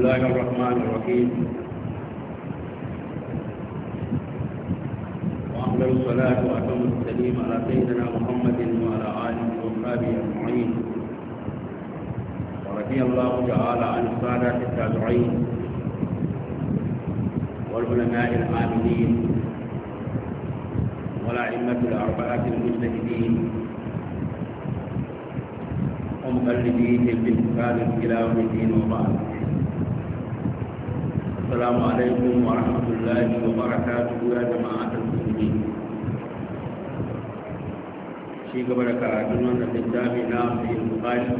الله الرحمن الرحيم وأفضل الصلاة وأتم السليم على سيدنا محمد وعلى آله وصحبه أجمعين ورضي الله تعالى عن السادة التابعين والعلماء العاملين والأئمة الأربعة المجتهدين ومقلديهم بإحسان إلى يوم الدين وبعد السلام عليكم ورحمة الله وبركاته يا جماعة المسلمين شيء بركة كراتون من الكتاب نام في البخاري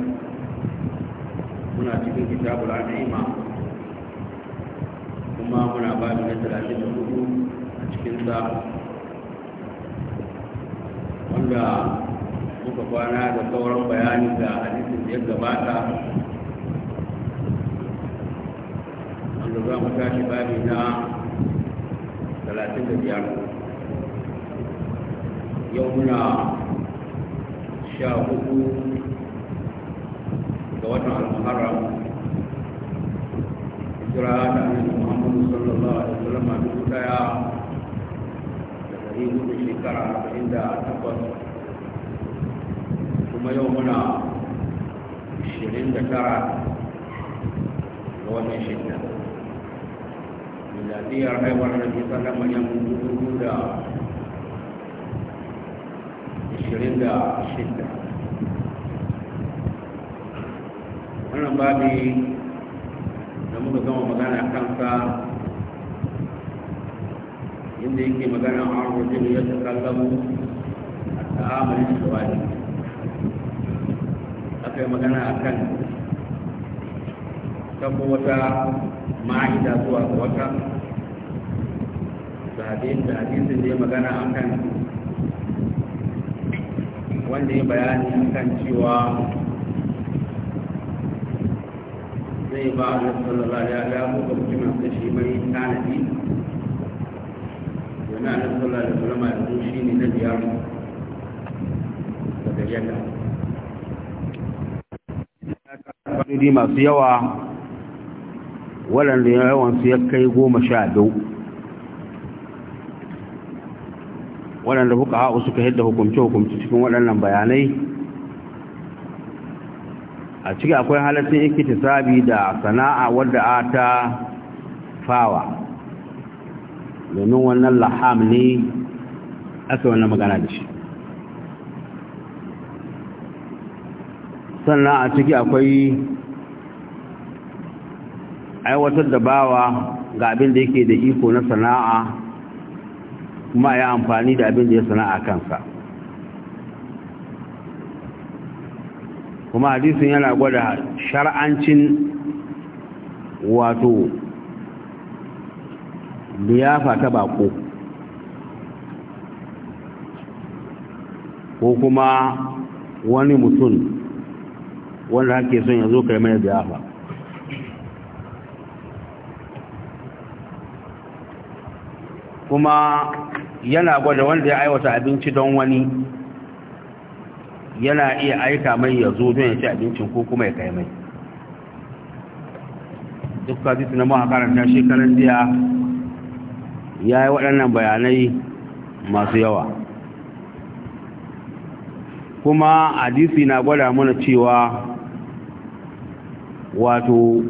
مناسب الكتاب العزيمة وما منا بعد من ثلاثين حقوق cikin sa wanda muka kwana da sauran bayani da hadisin da da za mu tashi babi na talatin da biyar yau muna sha hudu ga watan al-muharram hijira ta annabi muhammadu sallallahu alaihi wasallam a duk daya da dari hudu shekara arba'in da takwas kuma yau muna ishirin da tara ga wannan shekara lafiyar haihuwar da ke sallama yan dubu da ashirin da shida wannan babi da muka gama magana kansa inda yake magana a wajen ya ta kallamu a ta'amalin wani aka yi magana a kan tabo wata ma'aida zuwa wata da hadisin da ya magana a kan wanda ya bayani a kan cewa zai ba a sallallahu alaihi ya buga mutumin da shi mai tanadi na a sallallahu alaihi mai yanzu shi ne na biyar daga yadda masu yawa waɗanda yawansu ya kai goma sha biyu waɗanda buka ha'u suka yadda hukumce-hukumce cikin waɗannan bayanai a ciki akwai halattun sabi da sana'a wadda a ta fawa domin wannan laham ne aka wannan magana da shi sannan a ciki akwai aiwatar da bawa ga abin da yake da iko na sana'a kuma ya amfani da abin da ya sana a kansa kuma hadisun yana gwada shar'ancin wato liyafa ta bako ko kuma wani mutum wanda hake son ya zo kai mai liyafa kuma yana gwada wanda ya aiwata abinci don wani yana iya aika mai ya zo don ya ci abincin ko kuma ya kai mai duk hadisi na mawa karanta shekarar jiya ya yi waɗannan bayanai masu yawa kuma hadisi na gwada mana cewa wato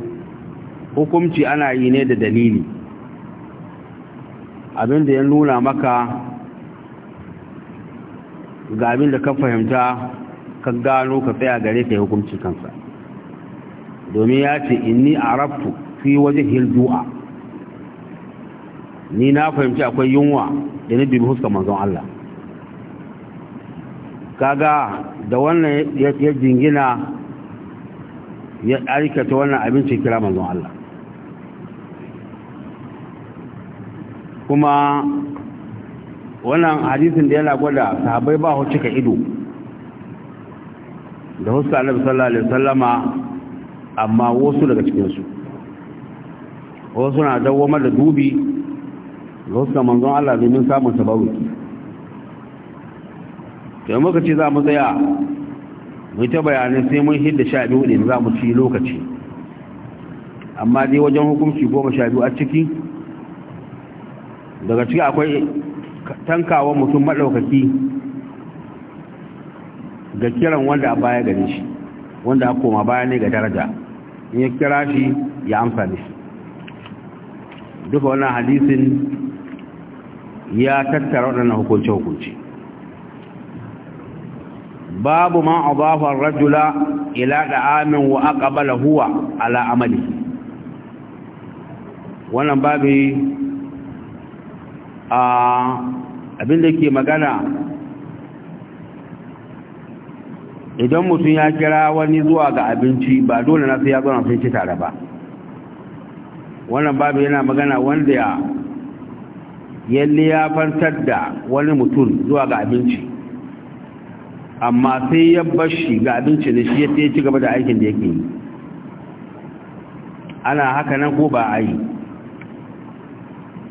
hukumci ana yi ne da dalili abin da ya nuna maka ga abin da ka fahimta ka gano ka tsaya gare ka yi hukunci kansa domin ya ce inni rafu fi waje hildu'a ni na fahimci akwai yunwa da ni dubi huska manzon Allah kaga da wannan ya jingina ya aikata wannan abincin kira manzon Allah kuma wannan hadisin da yana gwada sahabbai ba hu cika ido da huska annabi sallallahu alaihi wasallama amma wasu daga cikinsu wasu na dawamar da dubi ga huska manzon Allah domin samun sabawiki to muka ce za mu tsaya mu ta bayanai sai mun hidda sha biyu ne za mu ci lokaci amma dai wajen hukunci goma sha biyu a ciki daga ciki akwai tankawa mutum maɗaukaki ga kiran wanda a baya gare shi wanda a koma baya ne ga daraja in ya kira shi ya amsa ne duka wannan hadisin ya tattara waɗannan hukunce hukunci babu ma adafar rajula ila amin wa aka bala huwa ala amali wannan babu abin da ke magana idan mutum ya kira wani zuwa ga abinci ba dole na sai ya zo na sun ci tare ba wannan babu yana magana wanda ya yalle ya fantar da wani mutum zuwa ga abinci amma sai ya bashi ga abinci ne shi ya ci gaba da aikin da yake yi ana haka nan ko ba a yi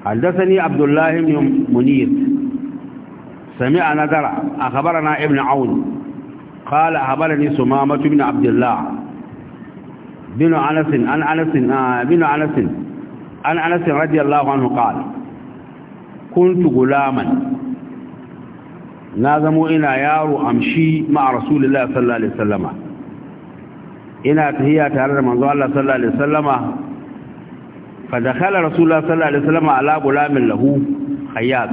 حدثني عبد الله بن منير سمعنا درع أخبرنا ابن عون قال أخبرني سمامة بن عبد الله بن أنس عن أنس آه، بن أنس عن أنس رضي الله عنه قال كنت غلاما نازموا إلى يارو أمشي مع رسول الله صلى الله عليه وسلم إنا تهيات على الله صلى الله عليه وسلم fa dakhala rasulullah sallallahu alaihi wasallam ala gulamin lahu hayyat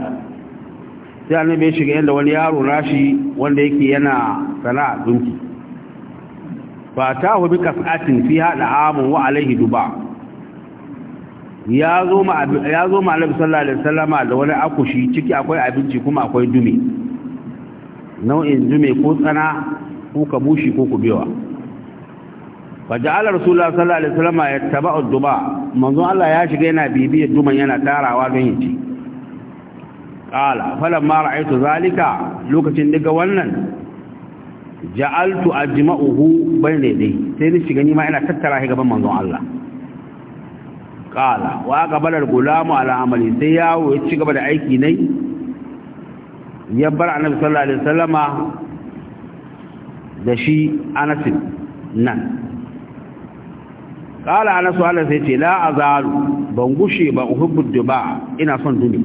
sai annabi ya shiga inda wani yaro nashi wanda yake yana sana'a dunki fa tahu bi kas'atin fiha da'amun wa alaihi duba ya zo ma ya zo ma annabi sallallahu alaihi wasallam da wani akushi ciki akwai abinci kuma akwai dume nau'in dume ko tsana ko kabushi ko kubewa fajala rasulullah sallallahu alaihi wasallam yattaba'u duba manzo Allah ya shiga yana bibiyar duman yana tarawa don yace qala falamma ra'aytu zalika lokacin daga wannan ja'altu ajma'uhu bayne dai sai ni shiga ni ma ina tattara shi gaban manzon Allah qala wa qabala al-gulamu ala amali sai ya ci gaba da aiki nai ya bar annabi sallallahu alaihi wasallama da shi Anas nan qala ana su'ala sai ce la azalu ban gushe ba uhibbu duba ina son dumi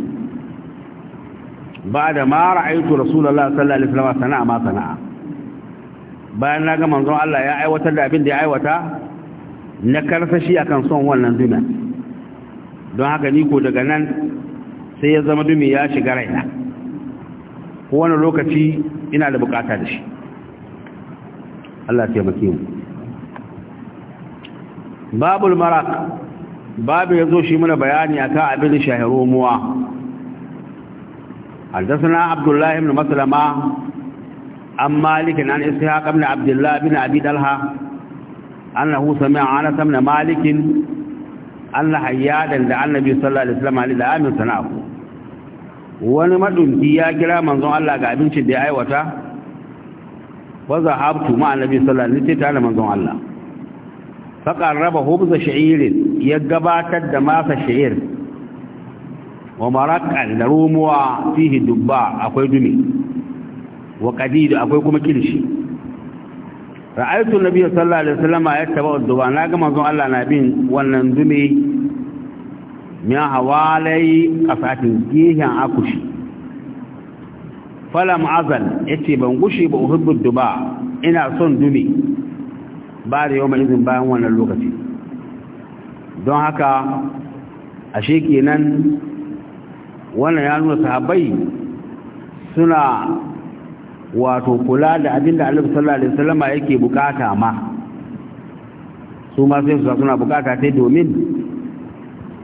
ba da ma ra'aytu rasulullahi sallallahu alaihi wasallam sana'a ma sana'a bayan na ga manzon Allah ya aiwatar da abin da ya aiwata na karsashi akan son wannan dumi don haka ni ko daga nan sai ya zama dumi ya shiga raina ko wani lokaci ina da bukata da shi Allah ya taimake mu babul marak babu zo shi mana bayani akan abin shahiro muwa حدثنا عبد الله بن مسلمة عن مالك عن إسحاق بن عبد الله بن أبي دلها أنه سمع أنس بن مالك أن حيادا دعا النبي صلى الله عليه وسلم عليه دعام سنعه wani madunki ya kira manzon Allah ga abincin da ya aiwata wa zahabtu ma annabi sallallahu alaihi wasallam tare manzon Allah فقرب hubza sha'irin ya gabatar da ومرق sha'ir wa maraƙar da romuwa fihi dubba akwai dumi wa ƙadidu akwai kuma kirshi ra'aitu nabi sallallahu alaihi wasallam na ga manzon Allah na bin wannan dumi min hawalai kafatin gihan akushi falam azal yace ban gushi ba uhubbu dubba ina son dumi ba da yau mai izin bayan wannan lokaci don haka ashe kenan wannan ya nuna sahabai suna wato kula da abin da alif sallallahu alaihi wasallama yake bukata ma su ma sai su suna bukata ta domin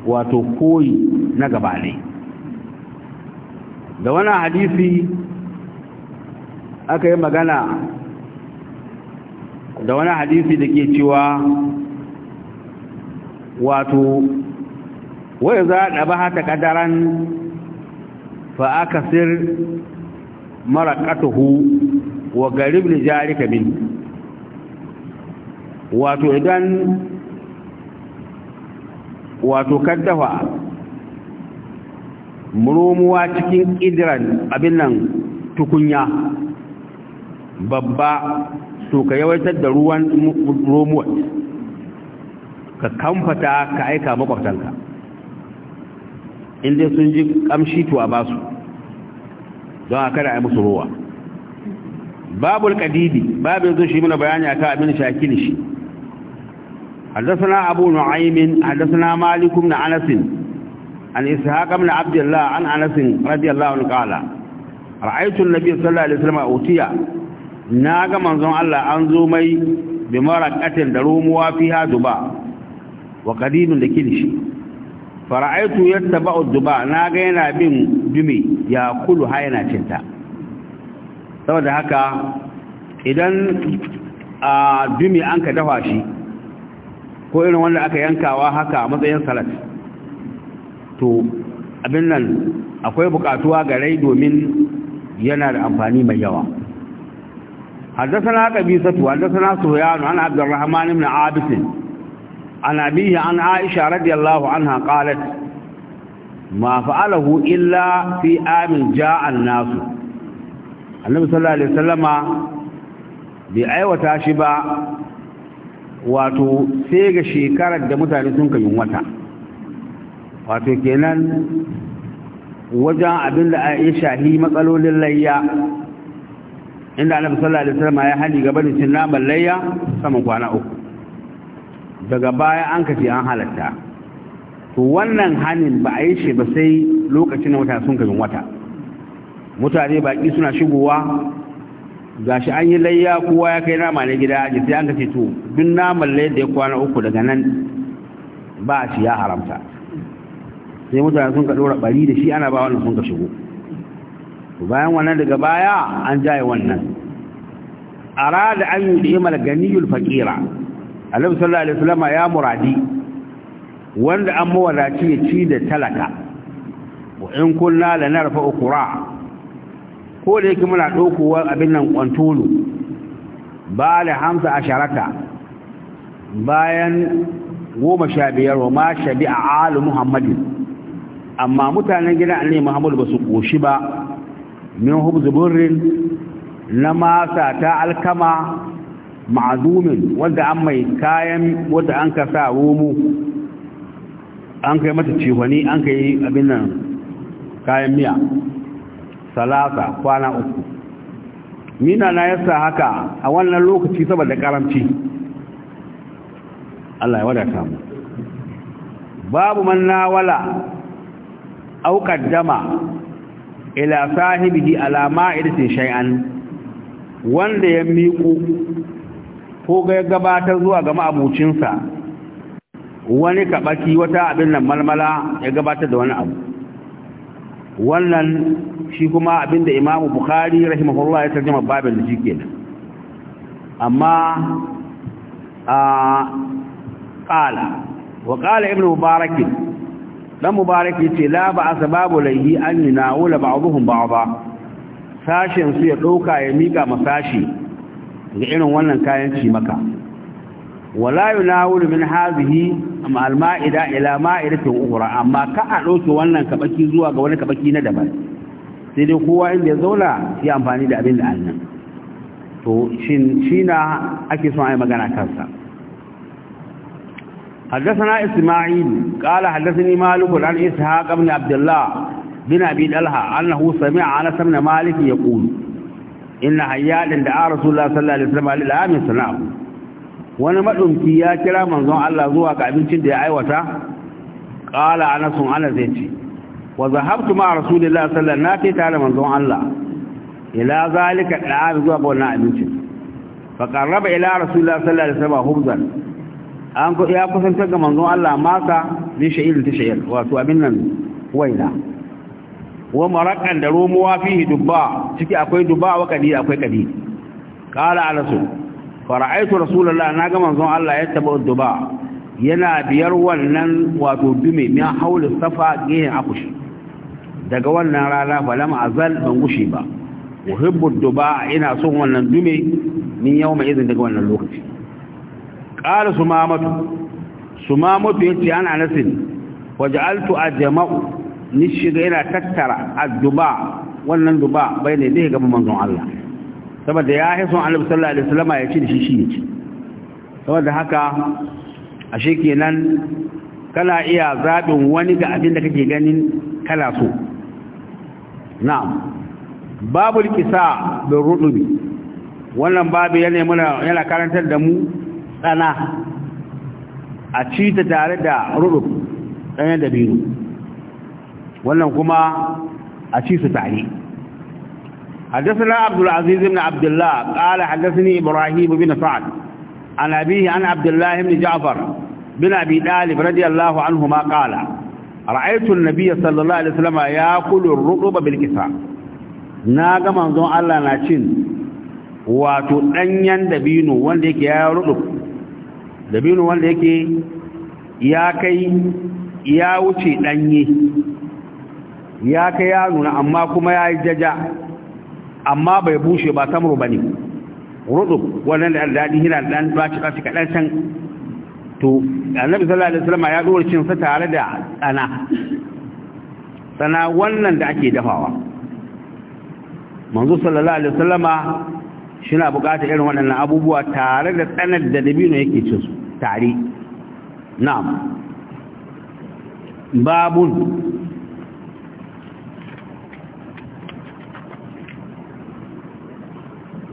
wato koyi na gaba ne da wannan hadisi aka yi magana da wani hadisi da ke cewa wato wai za a ɗaba hata ƙadaran fa'akasir ƙatuhu wa garib da jari kabin wato idan wato kaddafa muromuwa cikin ƙidiran abin nan tukunya babba to ka yawaitar da ruwan romuwat ka kamfata ka aika makwabtanka inda sun ji kamshi to a basu don a kada a yi musu ruwa babul kadidi babin zo shi muna bayani akan abin shakil shi حدثنا أبو نعيم حدثنا مالك بن أنس عن إسحاق بن عبد الله an أنس radiyallahu الله عنه قال رأيت النبي صلى الله عليه na ga manzon Allah an zo mai bi maraqatin da rumuwa fi ha duba wa qadidun da kilishi fara'aitu yattaba'u duba na ga yana bin dumi ya kulu ha yana cinta saboda haka idan a dumi an ka dafa shi ko irin wanda aka yankawa haka a matsayin salat to abin nan akwai bukatuwa ga rai domin yana da amfani mai yawa حدثنا قبيسة حدثنا سهيان عن عبد الرحمن بن عابس عن أبيه عن عائشة رضي الله عنها قالت ما فعله إلا في آم جاء الناس النبي صلى الله عليه وسلم بأيوة شبا wato sai ga shekarar da mutane sun kamin wata wato kenan wajen abin da ya shahi matsalolin layya inda annabi sallallahu alaihi wasallam ya hali gaba da cin naman layya saman kwana uku daga baya an kace an halatta to wannan hanin ba a yi shi ba sai lokacin da mutane sun kafi wata mutane baki suna shigowa gashi an yi layya kowa ya kai nama na gida aji sai an kace to duk naman layya da ya kwana uku daga nan ba shi ya haramta sai mutane sun ka dora bari da shi ana ba wannan sun ka shigo bayan wannan daga baya an jaye wannan arada an yudhimal ganiyul fakira annabi sallallahu alaihi wasallam ya muradi wanda an mawadaci ya ci da talaka wa in kunna lanarfa ukura ko da yake muna dokowa abin nan kwantolo bala hamsa asharaka bayan goma sha biyar wa ma a alu muhammadin amma mutanen gidan annabi Muhammadu ba su koshi ba min hubzu na masa ta alkama ma'azumin wanda an mai kayan wanda an ka an kai mata cihwani an kai abin nan kayan miya salasa kwana uku mina na yasa haka a wannan lokaci saboda karamci Allah ya wadata mu babu manawala nawala ila sahibihi ala ma'idatin shay'an wanda ya miƙo ko ga gabatar zuwa ga ma'abucinsa wani kabaki wata abin nan malmala ya gabatar da wani abu wannan shi kuma abin da imamu bukhari rahimahullah ya tarjama babin da shi nan amma a ƙala wa ƙala ibn mubarakin dan mubarak yace la ba asbabu laihi an yunawula ba'dhum ba'dha sashin su ya ɗauka ya mika masashi ga irin wannan kayan ci maka wala yunawul min hadhihi amma alma'ida ila ma'idatin ukhra amma ka a dauki wannan kabaki zuwa ga wani kabaki na daban sai dai kowa inda ya zauna ya amfani da abin da annan to shin na ake son ai magana kansa حدثنا إسماعيل قال حدثني مالك عن إسحاق بن عبد الله بن أبي دلها أنه سمع أنس بن مالك يقول إن حيال دعا رسول الله صلى الله عليه وسلم على العام سنة wani maɗumki ya kira manzon Allah zuwa ga abincin da ya aiwata ƙala ana sun ana zai ce wa zahabtu ma rasulillah sallallahu na fi tare manzon Allah ila zalika da'am zuwa ga wannan abincin fa qarraba ila rasulillah sallallahu alaihi an ya kusantar ga manzon Allah maka zai sha'il ta sha'il wato abin nan waina wa marakan da romuwa fihi dubba ciki akwai dubba wa kadi akwai kadi qala alasu fara'aitu rasulullah na ga manzon Allah ya taba dubba yana biyar wannan wato dume min haulu safa gehen akushi daga wannan rana lam azal ban gushi ba uhibbu dubba ina son wannan dume min yawma idin daga wannan lokaci ƙara su mutu. su mutu ya ce ana nasin waje altu a jama'u ni shiga yana tattara a duba wannan duba bai ne ne gaba manzon Allah saboda ya yi son annabi sallallahu alaihi wasallam ya ce da shi shi ya ci saboda haka ashe kenan kana iya zaɓin wani ga abin da kake ganin kala so na'am babu kisa bin rudubi wannan babu yana yana karantar da mu ɗana a ci ta tare da ruruf ɗanya da biyu wannan kuma a ci su tare حدثنا عبد العزيز بن عبد الله قال حدثني إبراهيم بن سعد عن أبيه عن عبد الله بن جعفر بن أبي طالب رضي الله عنهما قال رأيت النبي صلى الله عليه وسلم يأكل الرقب بالكساء ناقا منظوم الله ناشين wato danyen dabino wanda yake ya rudu dabino wanda yake ya kai ya wuce danye ya kai ya nuna amma kuma ya yi jaja amma bai bushe ba samuru ba ne rudu wannan da daɗi yana ɗan ɗaci ɗaci kaɗan can to annabi sallallahu alaihi wasallam ya dora cin sa tare da tsana tsana wannan da ake dafawa manzo sallallahu alaihi wasallama na buƙatar irin waɗannan abubuwa tare da tsanar da dabino yake cin su tare na'am babun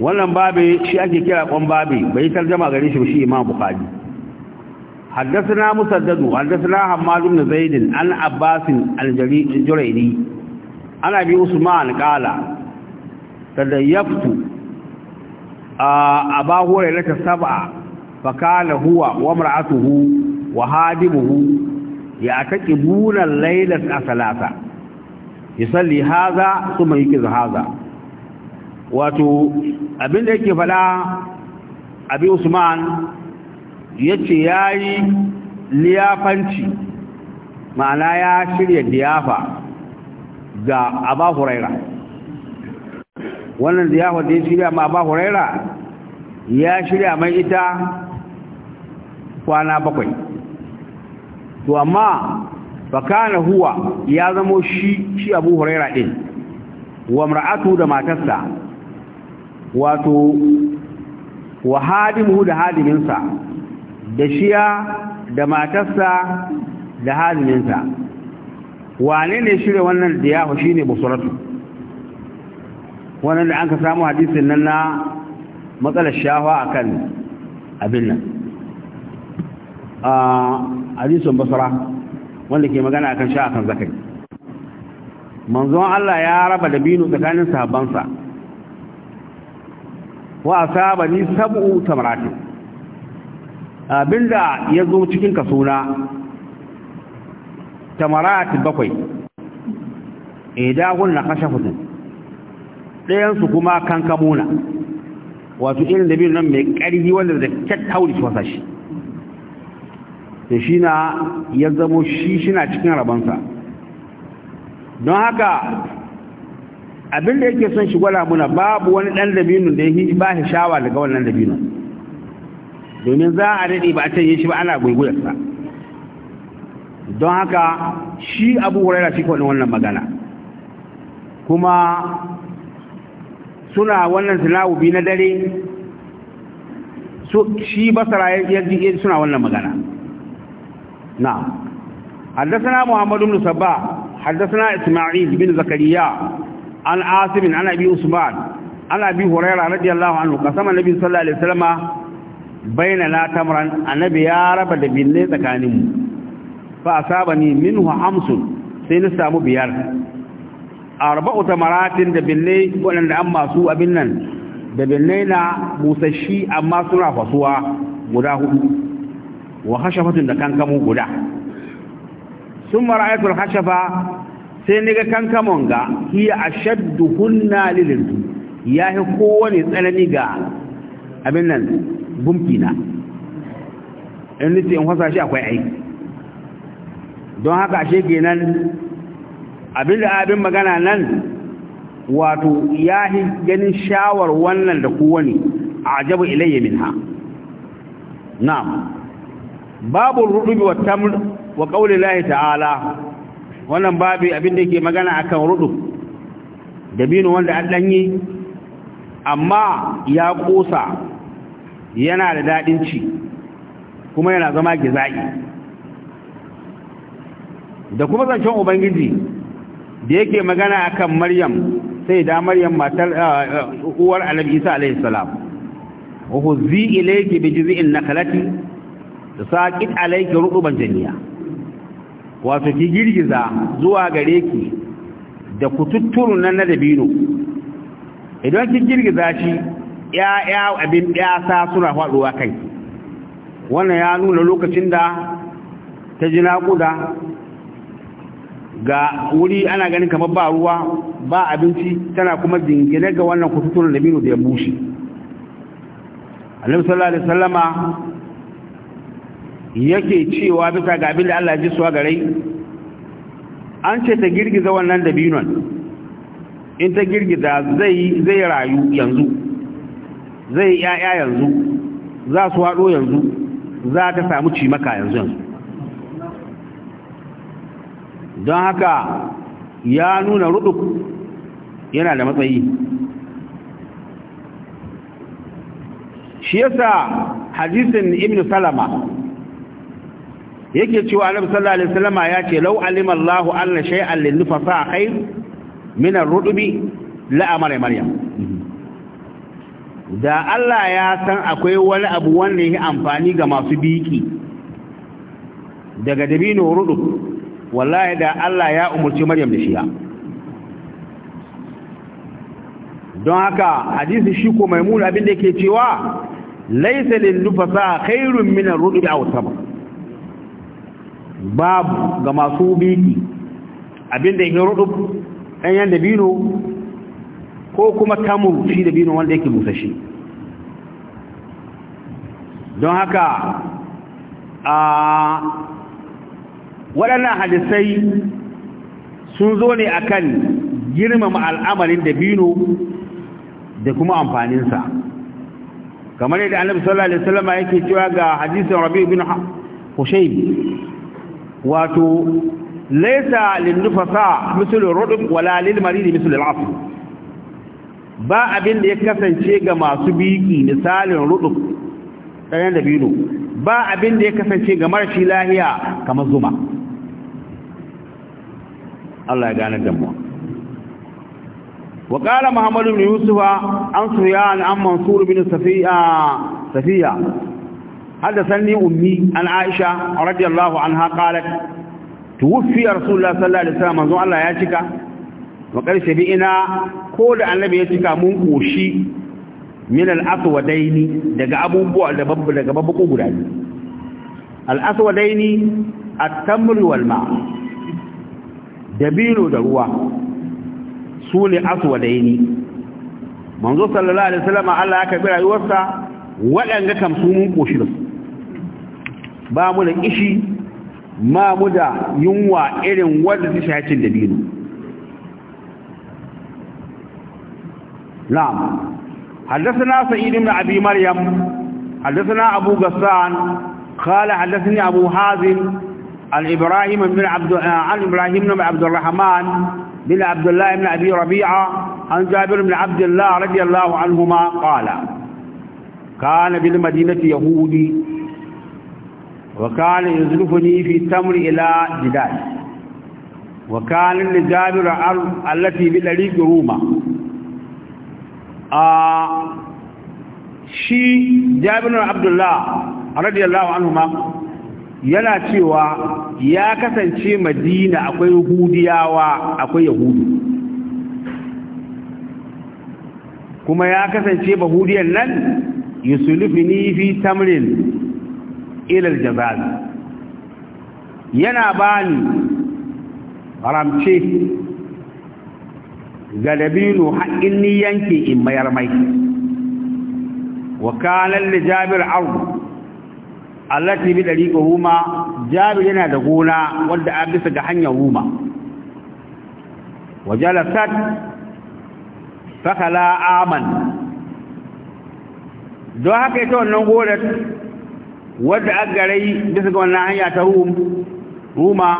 wannan babi shi ake kira kon babi bai tarjama gare shi shi imam bukhari haddathana musaddadu haddathana hammad ibn zaid an abbas al-jurayri ana bi usman qala tadayaftu a abahu rayata sab'a fakala huwa wa mar'atuhu wa hadimuhu ya taqibuna al-layla as-salasa yusalli hadha thumma yukizu hadha wato abinda yake fada abi usman yace yayi liyafanci ma'ana ya shirya diyafa ga aba huraira wannan diyafa da ya shirya ma aba huraira ya shirya mai ita kwana bakwai to amma Bakana huwa ya zamo shi shi abu huraira din wa mar'atu da matarsa wato wa hadimu da hadiminsa da shiya da matarsa da hadiminsa wane ne shirya wannan da ya shi shine busuratu wannan da an ka samu hadisin nan na matsalar shawa akan abin nan hadisun basra wanda ke magana akan sha akan zakai manzon Allah ya raba dabino tsakanin sahabbansa wa asaba ni sab'u tamrati abinda ya zo cikin suna. tamarat bakwai idahun na kashafatun ɗayan su kuma kankamuna wato irin dabino nan mai ƙarfi wanda da kyakkyawan shi wasa da shi na ya zamo shi shina cikin rabansa don haka abin da yake son shi gwada muna babu wani ɗan dabinun da ya ba shi shawa daga wannan dabinun domin za a daɗe ba a canye shi ba ana gwaigwayarsa don haka shi abu huraira shi kwanin wannan magana kuma suna wannan sinawubi na dare shi basara ya ji suna wannan magana نعم حدثنا محمد بن صباح حدثنا إسماعيل بن زكريا عن عاصم عن أبي عثمان عن أبي هريرة رضي الله عنه قسم النبي صلى الله عليه وسلم بيننا تمرا النبي يا رب دبيني تكانيم فأصابني منه حمص سينسامو بيار arba'u tamaratin da bille waɗanda an masu abin nan da bille na busashi amma suna fasuwa guda hudu wa hashafatun da kankamu guda sun mara mara'ayatul hashafa sai ni ga kankamon ga hiya ashaddu hunna lilizu ya yi kowane tsanani ga abin nan gumki na in nace in fasa shi akwai aiki don haka ashe nan, abin da abin magana nan wato ya yi ganin shawar wannan da kowane a ajabu ilayya ha. na'am babu rudubi wa tamr wa qauli lahi ta'ala wannan babu abin da yake magana akan rudub dabino wanda an danyi amma ya kosa yana da dadin ci kuma yana zama gizai da kuma zancen ubangiji da yake magana akan maryam sai da maryam matar ah, ah, uwar annabi isa alayhi salam wa huzi ilayki bi jiz'in nakalati da saƙi alaiki ruɓuban janiya wato ki girgiza zuwa gare ki da kututturun nan na dabino idan ki girgiza shi ya'ya abin ɗasa suna faɗuwa kai wannan ya nuna lokacin da ta ji naƙuda ga wuri ana ganin kamar ba ruwa ba abinci tana kuma jingine ga wannan kututturun dabino da ya bushe. Annabi sallallahu alaihi wasallama yake cewa bisa ga abin da Allah ji suwa garai an ce ta girgiza wannan dabinon in ta girgiza zai zai rayu yanzu zai yaya yanzu za su haɗo yanzu za ta samu cimaka yanzu yanzu don haka ya nuna ruduk yana da matsayi shi yasa hadisin ibn salama yake cewa annabi sallallahu alaihi wasallama ya ce law alima Allahu anna shay'an lin nufasa khair min ar-rudubi la amara maryam da Allah ya san akwai wani abu wanda yake amfani ga masu biki daga dabino rudub wallahi da Allah ya umurci maryam da shiya don haka hadisi shi ko maimuna abin da yake cewa laysa lin nufasa khairun min ar-rudubi aw sabr babu ga masu biki abinda yake rudu ɗanyen dabino ko kuma tamur shi dabino wanda yake shi. don haka a waɗannan hadisai sun zo ne akan girmama al'amarin dabino da kuma amfaninsa kamar yadda annabi sallallahu alaihi wasallam yake cewa ga hadisin rabi' bin hushayb wato laisa linnufasa misalin rudin wala lilmariri misalin asu ba abin da ya kasance ga masu biki misalin rudin ɗayan da biyu ba abin da ya kasance ga marashi lahiya kamar zuma Allah ya gane damuwa وقال محمد بن يوسف عن سفيان عن منصور بن صفيه صفيه حدثني أمي عن عائشة رضي الله عنها قالت توفي رسول الله صلى الله عليه وسلم منذ الله ياتيك وقال سبئنا كل النبي ياتيك من قوشي من الأسودين دقى أبو بوع دبب دقى ببق قرآن الأسودين التمر والماء دبيل دروا سول أسودين منذ صلى الله عليه وسلم الله يكبر أيوسا waɗanda kam su mun ƙoshi da su ba mu da ishi ma mu da yunwa irin wadda su shaƙin da biyu na'am haddasa na sa'idin da abi maryam haddasa na kala haddasa abu hazin al-ibrahim bin al-ibrahim na abdurrahman bin abdullahi bin abi rabi'a an jabir bin abdullahi radiyallahu anhuma kala kana bil madinati yahudi وكان يزلفني في التمر إلى جدال وكان لجابر التي بالأريق روما شي جابر عبد الله رضي الله عنهما yana cewa ya kasance madina akwai hudiyawa akwai yahudu kuma ya kasance bahudiyar nan yusulufini fi tamrin ilal jazal yana bani ramce ga dabino haƙin ni in mayar mai wakanan da jabir arzu allati bi ga huma jabir yana da gona wadda an bisa ga hanyar huma wajalasat fakala aman don haka ita wannan gonar wadda agarai garai bisa ga wannan hanya ta ruma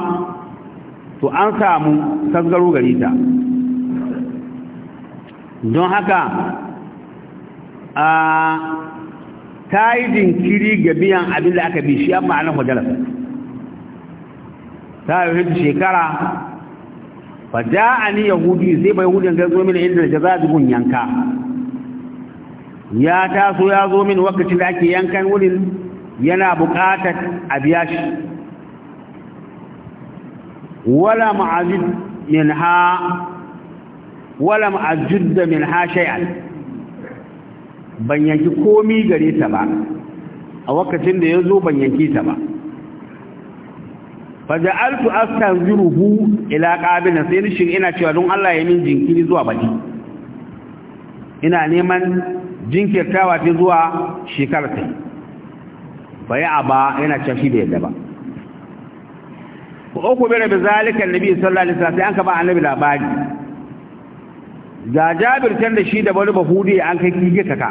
to an samu tasgaro gari ta don haka a ta yi jinkiri ga biyan abin da aka bi shi amma ana fajalasa ta yi wajen shekara fa a ni yahudi sai bai yahudin ga zo mini inda da za zubin yanka ya taso ya zo mini wakacin da ake yankan wurin yana buƙatar a biya shi wala ma'azid min ha wala ma'azid min ha shay'an ban komi gare ta ba a wakacin da ya zo ban yanki ta ba fa ja'altu astanziruhu ila qabila sai ni ina cewa don Allah ya min jinkiri zuwa baki ina neman jinkirtawa ta zuwa shekarar ta a ba yana cewa shi da yadda ba ko bai bere da zalikan nabi sallallahu alaihi wasallam an ka ba annabi labari ga Jabir can da shi da wani bahudi an kai kige ka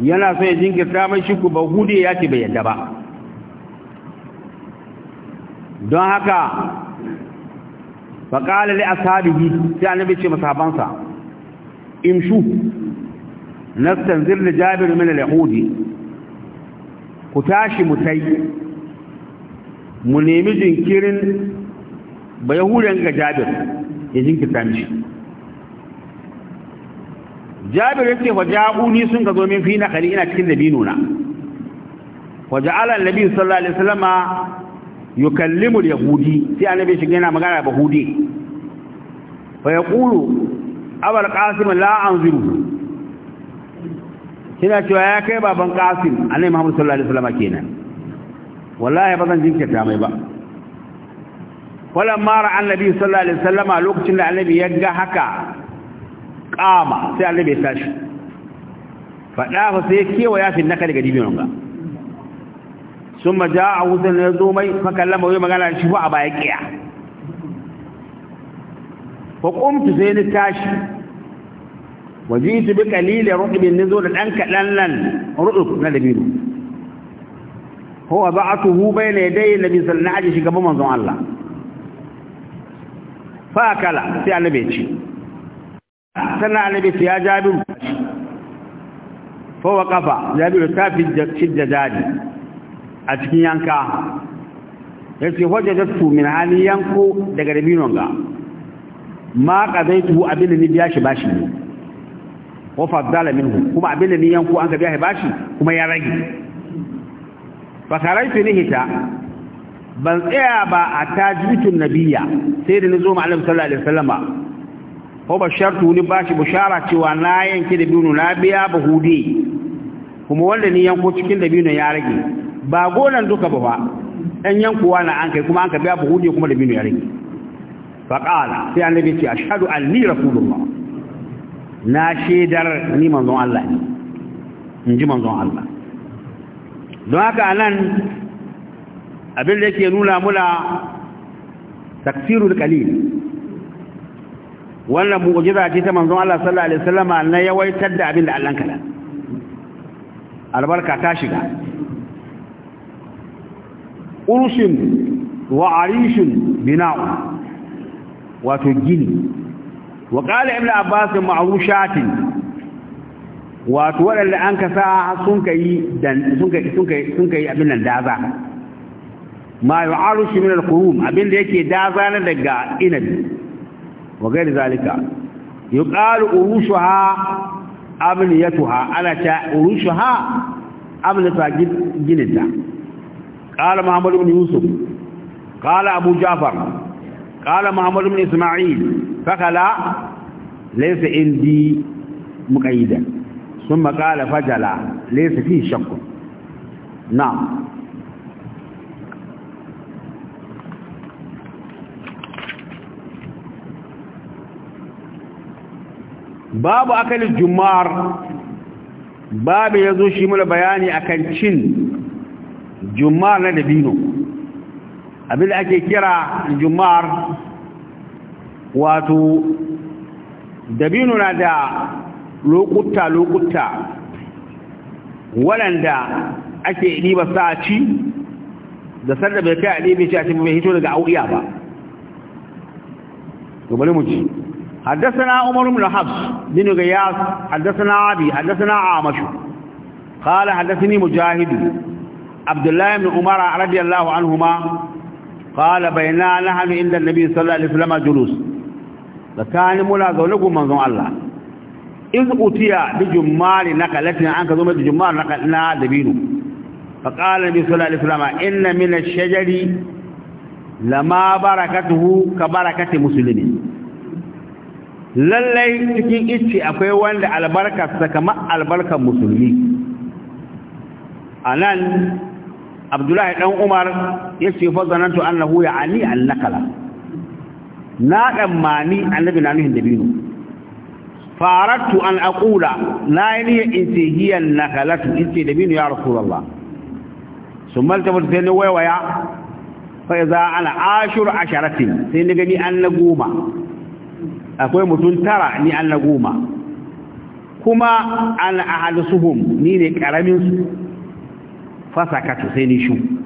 yana so ya jinkirta mai shi ku bahudi ya ce bai yadda ba don haka faƙala li ashabihi sai annabi ce masabansa imshu nastanzir li jabir min al-yahudi ku tashi mu tai mu nemi jinkirin ba ga jabir ya jinkirta mishi jabir yake wa ja'uni sun ga zo min fi na kali ina cikin dabino na wa ja'ala nabi sallallahu alaihi wasallama yukallimu yahudi sai annabi shiga yana magana da yahudi fa yaqulu abal qasim la anziru kina cewa ya kai baban qasim annabi muhammad sallallahu alaihi wasallam kenan wallahi ba zan jinkirta mai ba walamma mara annabi sallallahu alaihi wasallam lokacin da annabi ya ga haka qama sai annabi ya tashi fada fa sai kewa ya fi naka daga dibin ga magana shi fa a baya kiya fa qumtu sai ni tashi. wajitu bi qalili rutbin nuzul dan kadan nan rutub na dabino huwa ba'athuhu bayna yaday nabi sallallahu alaihi wasallam gaban manzon Allah fa kala sai annabi ci. sannan annabi ya jabiru fa waqafa jabiru ta fi shidda jadi a cikin yanka yace wajadatu min hali yanku daga dabinon ga ma qadaitu abin ni biya shi bashi ne wa faddala minhu kuma abinda ni yanku an ka biya bashi kuma ya rage fa karaitu ni hita ban tsaya ba a tajibitun nabiyya sai da nazo ma'alim sallallahu alaihi wasallama ko ba shartu ni bashi bushara cewa na yanke da binu na biya ba hude kuma wanda ni yanko cikin da binu ya rage ba gonan duka ba ba dan yankuwa na an kai kuma an ka biya ba hude kuma da binu ya rage fa qala sai annabi ce ashhadu anni rasulullah na shaidar ni manzon Allah ne in ji manzon Allah don haka anan abin da yake nuna mula taksirul qalil wannan mu'jiza ce ta manzon Allah sallallahu alaihi wasallama na yawaitar da abin da Allah kala albarka ta shiga urshin wa arishin bina'u wato gini wa qala ibnu abbas ma'rushatin wato wadanda an kasa sun kai dan sun kai sun kai sun kai abin nan daza ma yu'arushi min al-qurun abin da yake daza na daga inabi wa gairi zalika yuqalu urushuha abniyatuha ala ta urushuha abnata gininta. qala muhammad ibn yusuf qala abu ja'far qala muhammad ibn isma'il sakala laysa indi muqayyidan thumma qala fajala laysa fihi shakk na'am babu akalin jumar babu ya zo shi mula bayani akan cin jumar na dabino abin ake kira jumar wato na da lokuta lokuta waɗanda ake ɗiba sa'aci da sanda bai kai a ɗiba shi a cikin mai hito daga auriya ba gabali mu ci haddasana umaru mu da habs dinu ga ya haddasana abi haddasana a mashi kala haddasani mu jahidu abdullahi mai umara a radiyallahu an huma kala bayana nahanu inda nabi sallallahu alaihi wasallam julus tsakanin mula zaune gun manzon Allah iz utiya bi jummali nakalatin an ka zo mai jummali na dabino fa qala nabi sallallahu alaihi wasallam inna min ash-shajari lama barakatuhu ka barakati muslimin lallai cikin icce akwai wanda albarka sakama albarkar musulmi anan abdullahi dan umar yace fa zanantu annahu ya'ani al nakala na tsammani annabi na nuhin dabino faratu an aqula na yi niyyar in ce na nakalatu in ce dabino ya rasulullah sun maltabar sai ni waiwaya fa za ana ashur sharatin sai ni gani an na goma akwai mutum tara ni an na goma kuma an ahalisuhum ni ne ƙaramin su fasakatu sai ni shu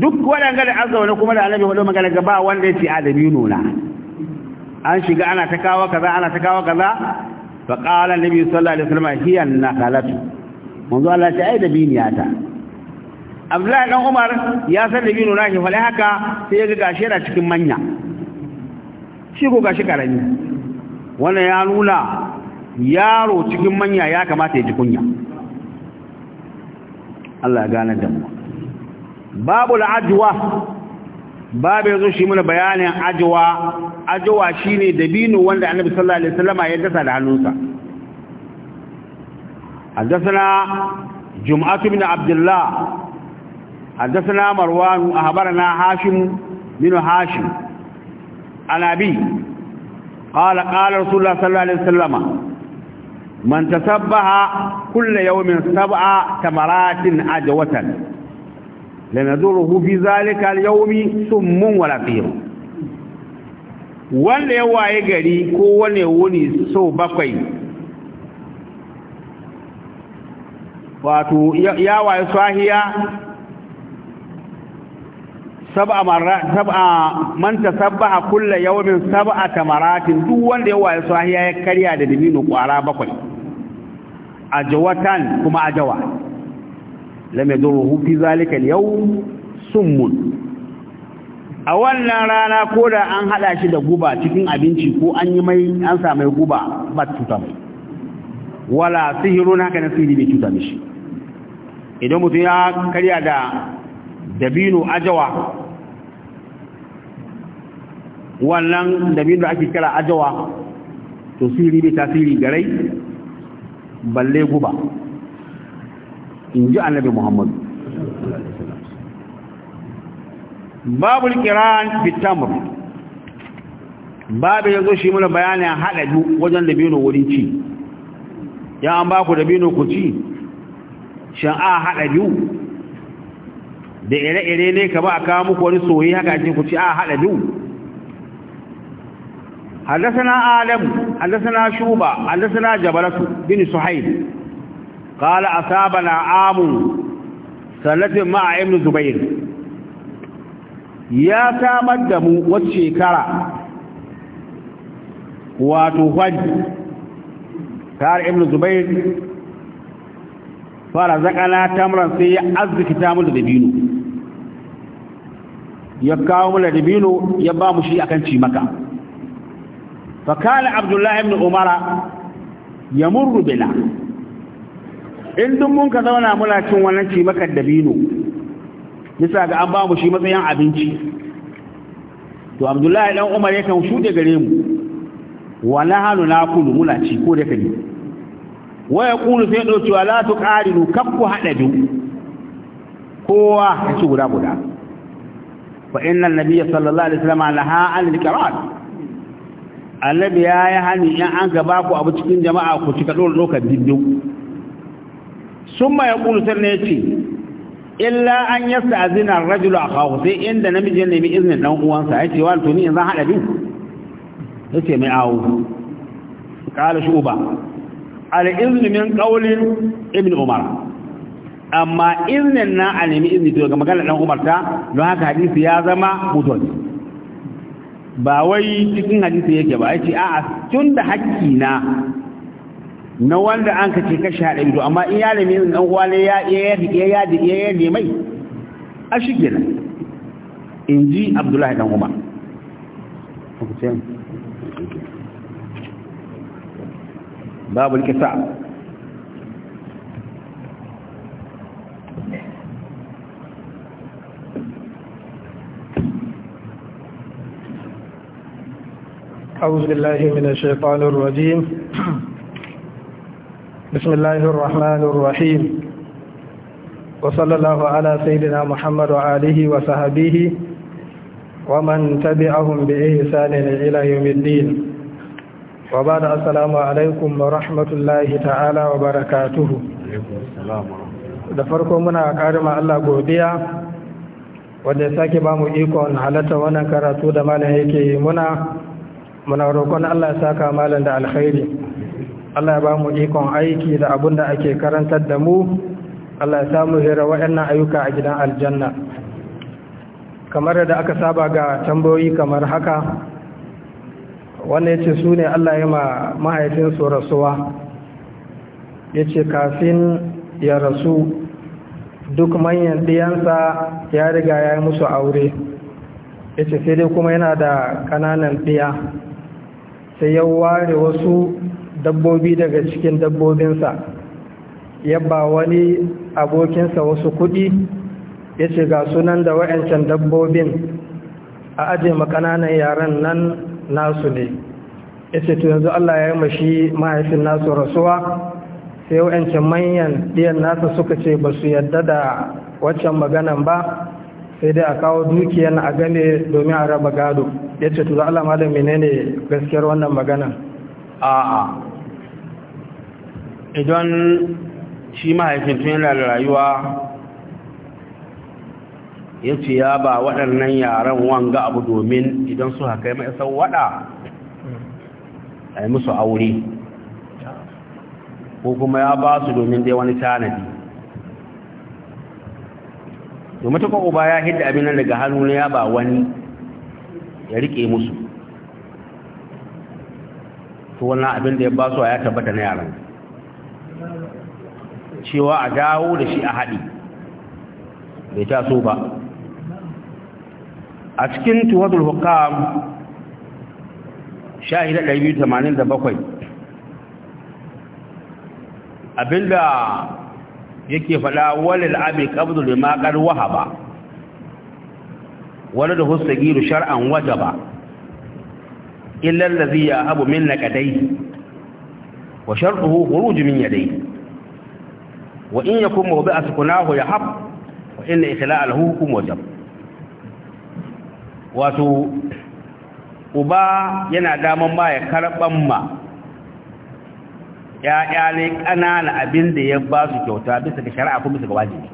duk waɗanda da azza wani kuma da alabi wani magana ga ba wanda ya ce adabi nuna an shiga ana ta kawo kaza ana ta kawo kaza fa qala nabi sallallahu alaihi wasallam hiya Mun manzo Allah ya ce ai biniya ta Abdullahi dan Umar ya san dabino shi fa haka sai ya ga gashi yana cikin manya shi ko gashi karami wannan ya nuna yaro cikin manya ya kamata ya ji kunya Allah ya gane da mu باب العجوة باب يغشي من بيان عجوة عجوة شيني دبين واند النبي صلى الله عليه وسلم يدسى لعنوسا حدثنا جمعة من عبد الله حدثنا مروان أهبرنا هاشم من هاشم النبي قال قال رسول الله صلى الله عليه وسلم من تسبح كل يوم سبع تمرات عجوة lanadurruhu fi zalika al-yawmi summun wala fihr wanda ya waye gari ko wane wuni sau bakwai wato ya waye sahiya sab'a marra sab'a man tasabbaha kullu yawmin sab'a maratin duk wanda ya waye sahiya ya karya da dabino kwara bakwai ajwatan kuma ajawa lam yadurruhu fi zalika al-yawm summun a wannan rana ko da an hada shi da guba cikin abinci ko an yi mai an sa mai guba ba cuta mai wala sihirun haka na sihiri bai cuta mishi idan mutum ya karya da dabino ajawa wannan dabino ake kira ajawa to sihiri bai tasiri garai balle guba in ji annabi muhammadu babul kiran bitamur babu ya zo shi muna bayanin haɗaɗu wajen dabino wurin ci ya an ba ku dabino ku ci shan a haɗaɗu da ire-ire ne ka ba a kawo muku wani soyi haka ce ku ci a haɗaɗu حدثنا آدم حدثنا شوبة حدثنا جبلة بن سحيل قال أصابنا عام سلت مع ابن زبير يا سامد دمو والشيكرة وتفج قال ابن زبير فرزقنا تمرا سي عز كتام دبينو يكاوم لدبينو يبام شيء أكن مكة فكان عبد الله بن عمر يمر بنا in duk mun ka zauna muna cin wannan ci maka dabino bisa ga an ba mu shi matsayin abinci to abdullahi dan umar yakan shuɗe gare mu wa na kulu muna ci ko da kani wa kulu sai do cewa tu tuqarinu kakku hada biyu kowa ya ci guda guda fa inna nabiyya sallallahu alaihi wasallam laha al-qira'at annabi yi hani in an gaba ku abu cikin jama'a ku cika dole lokacin dindin summa yaqulu ne ce illa an yasta'zina ar-rajulu kawo sai inda namiji ya nemi izinin ɗan uwansa Ya ce wa to ni in zan haɗa biyu ce mai awo ƙala shi uba, izn min qawlin ibn umar amma izinin na a nemi izini to ga maganar ɗan umar ta don haka hadisi ya zama mutum ba wai cikin hadisi yake ba Ya ce a'a da hakki na na wanda an ka kashi haɗa ido amma in ya nemi ɗan wale ya ne mai a shi kenan in ji abdullahi ɗan umar babu likita أعوذ بالله من الشيطان الرجيم بسم الله الرحمن الرحيم وصلى الله على سيدنا محمد وآله وصحبه ومن تبعهم بإحسان إلى يوم الدين وبعد السلام عليكم ورحمة الله تعالى وبركاته da farko muna karima Allah godiya wanda ya sake bamu ikon halatta wannan karatu da malam yake muna muna roƙon Allah ya saka malam da alkhairi Allah ya ba mu ikon aiki da abun da ake karantar da mu Allah ya samu hira waɗannan ayyuka a gidan aljanna kamar da aka saba ga tambayoyi kamar haka wannan ya ce su ne Allah ya ma mahaifinsu rasuwa ya ce kafin ya rasu duk manyan ɗiyansa ya riga ya yi musu aure ya ce sai dai kuma yana da ƙananan ɗiya sai ya ware wasu dabbobi daga cikin dabbobinsa yabba wani abokinsa wasu kuɗi ya ce ga sunan da wa'ancan dabbobin a aje makananan yaran nan nasu ne ya ce to yanzu Allah ya yi mashi mahaifin nasu rasuwa sai wa'ancan manyan ɗiyan nasa suka ce ba su yadda da waccan maganan ba sai dai a kawo dukiyan a gane domin a raba gado ya ce to Allah malam menene gaskiyar wannan maganan a'a idan shi mahaifin yana da rayuwa ya ce ya ba waɗannan yaren wanga abu domin idan su haka yi ma'isar waɗa a yi musu aure ko kuma ya ba su domin dai wani tanadi domin ta uba ya hidda abin nan daga hannu ya ba wani ya riƙe musu to wannan abin da ya ba su a ya tabbata na yaran cewa a dawo da shi a haɗi bai taso ba a cikin tuwadul hukam shahida abinda yake faɗa walil abi qabdu lima qad wahaba wala da husagiru shar'an wajaba illa ya abu min laqadai wa shartuhu khuruj min yadayhi wa in yakun mawdi'a sukunahu yahab wa inna ikhla'ahu hukum wajab wato uba yana daman ba ya karban ma ya'ya ne ƙanana abin da ya ba su kyauta bisa ga shari'a ko bisa ga wajibi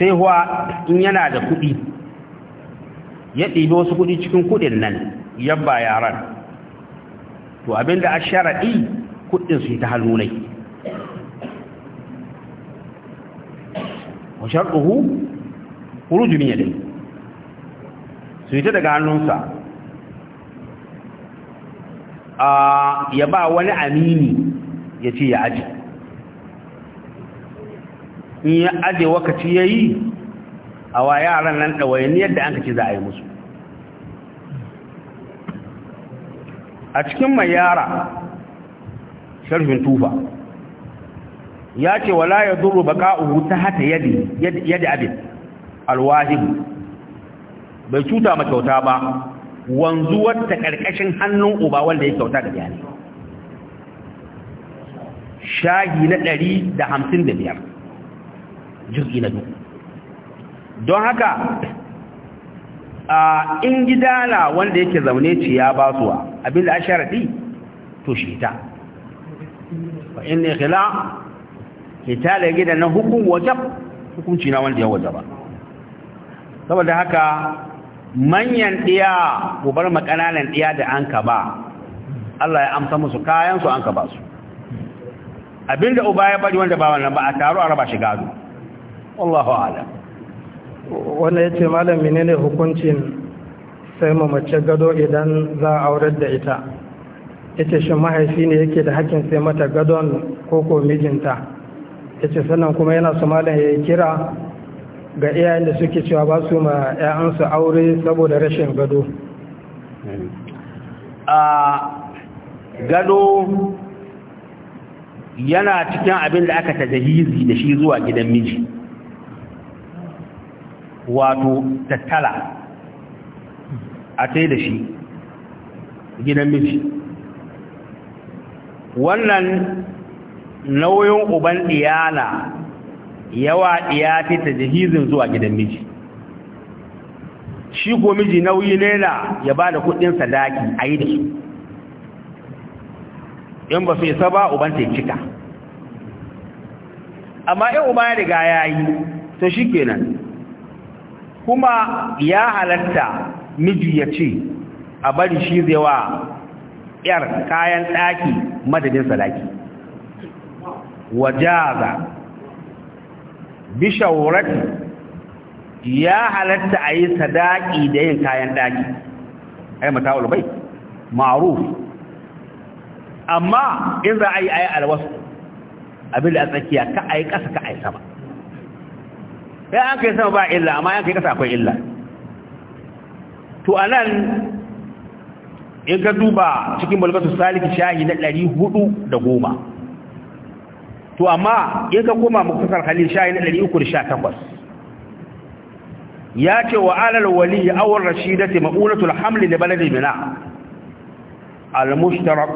sai huwa in yana da kuɗi ya ɗibi wasu kuɗi cikin kuɗin nan ya ba yaran to abin da a sharaɗi kuɗin su yi ta hannu nai wa shar'uhu min yadihi su ita daga hannunsa a ya ba wani amini ya ce ya aji in ya aje wakaci ya yi a wa yaran nan ɗawayen yadda an kaci za a yi musu a cikin mai yara sharhin tufa ya ce wala ya duru baka'uhu ta hata yadi yadi abin alwahib bai cuta ma kyauta ba wanzuwar ta karkashin hannun uba wanda ya kyauta da hamsin shagi na 155 juz'i na duk don haka a in gidana wanda yake zaune ce ya basuwa da a sharadi to shi ta wa in ikhlaq da gida na hukum wajab hukunci na wanda ya wajaba saboda haka manyan diya ko bar makananan diya da an ka ba Allah ya amsa musu kayan su an ka ba su abinda uba ya bari wanda ba wannan ba a taro a raba shi gado wallahu a'lam wanda yace malam menene hukuncin sai mu mace gado idan za a aurar da ita ita shi mahaifi ne yake da hakkin sai mata gadon ko ko mijinta ya ce sannan kuma yana su malam ya yi kira ga iyayen da suke cewa ba su ma 'ya'yansu aure saboda rashin gado a gado yana cikin abin da aka tajahizi da shi zuwa gidan miji wato tattala a tsaye da shi gidan miji wannan nauyin uban iyala, yawa fi ta jihizin zuwa gidan miji shi ko miji nauyi ne na ya ba da kudin sadaki a yi da su in ba su isa ba uban ta cika amma in uba ya riga ya yi to shi kenan kuma ya halatta miji ya ce a bari shi zai wa 'yar kayan ɗaki madadin sadaki wajaza bishawarati ya halatta a yi sadaki da yin kayan متاول بي معروف اما ma'ruf amma in za a yi ayi alwasu abin da a tsakiya ka ayi ƙasa ka ayi sama sai an kai sama ba illa amma kai ƙasa akwai illa to anan in ka duba cikin bulgatu saliki shahi na 410 to amma in ka koma muktasar halin shayi na 318 ya ce wa alal wali awar rashidati ma'unatul hamli da baladi mina al-mushtarak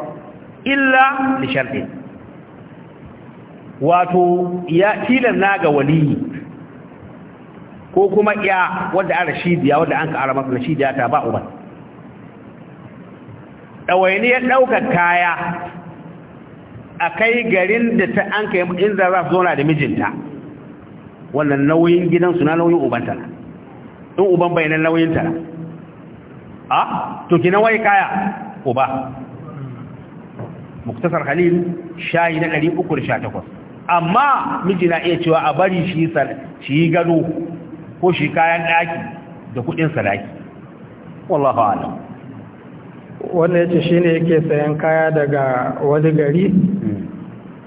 illa li sharti wato ya tilan na ga wali ko kuma ya wanda an rashidiya wanda an ka ara masa rashidiya ta ba uban Ɗawaini ya ɗaukar kaya a kai garin da ta an kai in za za su zauna da mijinta wannan nauyin gidansu na nauyin ubanta na in uban bayanan nauyin ta a to kina wai kaya uba muktasar halil shayi na 318 amma miji na iya cewa a bari shi shi gado ko shi kayan daki da kudin sadaki wallahu a'lam wanda ya ce shi ne yake sayan kaya daga wani gari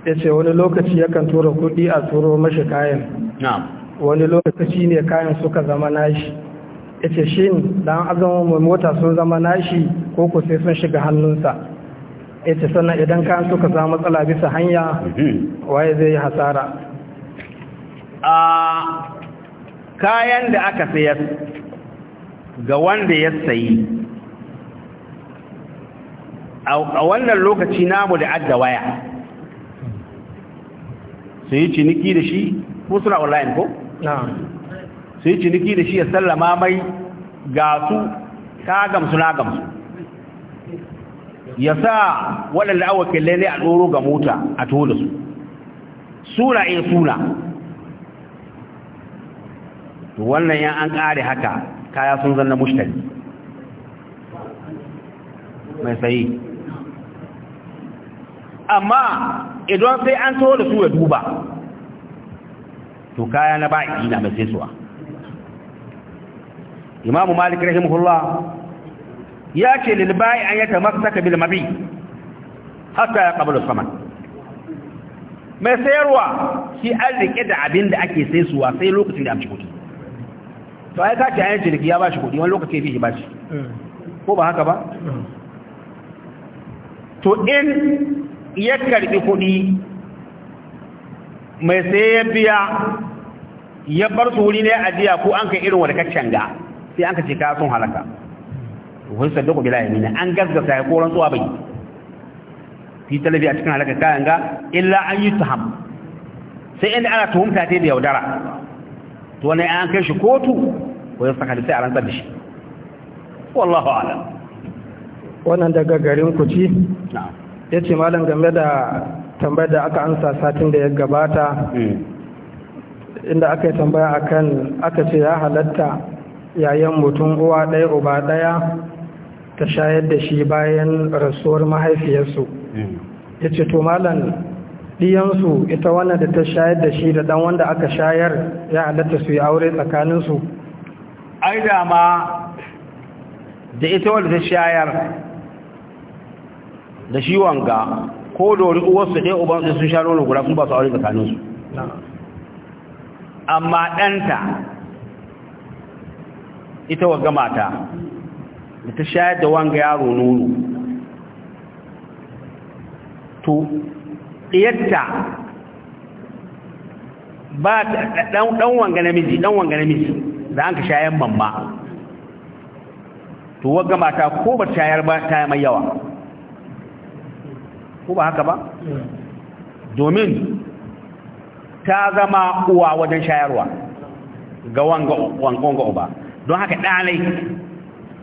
ya ce wani lokaci yakan tura kudi a turo mashi kayan wani lokaci ne kayan suka zama nashi ya ce shi ne don azama mai mota sun zama nashi ko ku sai sun shiga hannunsa ya ce sannan idan kayan suka zama matsala bisa hanya mm-hmm. waye zai yi hasara kayan da aka sayar ga wanda ya sayi a wannan lokaci namu da adda waya su yi ciniki da shi ko suna online ko? su yi ciniki da shi ya sallama mai ga su ka gamsu na gamsu ya sa waɗanda awakin lalle a ɗoro ga mota a to da su suna in suna wannan yan an ƙare haka kaya sun zanna mushtari mai sayi amma idan sai an so da su ya duba to kaya na ba'i na mai sesuwa imamu malik rahimahullah ya ce lil ba'i an yata masaka bil mabi hatta ya qabla saman mai sayarwa shi an rike da abin da ake saisuwa sai lokacin da amci kuɗi to ai ka ce an yi ya bashi kudi kuɗi wani lokaci ya shi bashi mm. ko ba haka ba mm. to in ya karbi kuɗi mai sai ya biya ya bar su wuri ne a jiya ko an kai irin wadakaccen ga sai an ka ce ka sun halaka wani saddaku bila yamina an gaggasa ya koran tsuwa bai fi talabi a cikin halaka kayan ga illa an yi ham sai inda ana tuhumta ta da yaudara to wani an kai shi kotu ko ya saka da sai a rantsar da shi wallahu alam wannan daga garin ku ci na'am ya ce malam game da tambayar da aka ansa satin da ya gabata hmm. inda aka yi tambaya akan aka ce ya halatta yayan mutum uwa ɗaya uba ɗaya ta shayar da shi bayan rasuwar mahaifiyarsu hmm. ya ce to malam ɗiyansu ita wannan da ta shayar da shi da ɗan wanda aka shayar ya halatta su yi aure tsakaninsu ai dama da ita wanda ta shayar da shi wanga ko dori uwarsu ɗaya ubansu sun sha nono guda kuma ba su aure tsakaninsu amma ɗanta ita wanga mata da ta shayar da wanga yaro nono to ɗiyatta ba ɗan wanga namiji ɗan wanga namiji da an ka shayar mamma to wanga mata ko ba ta shayar ba ta yi mai yawa ko ba haka ba domin ta zama uwa wajen shayarwa ga wangon ga uba don haka ɗanai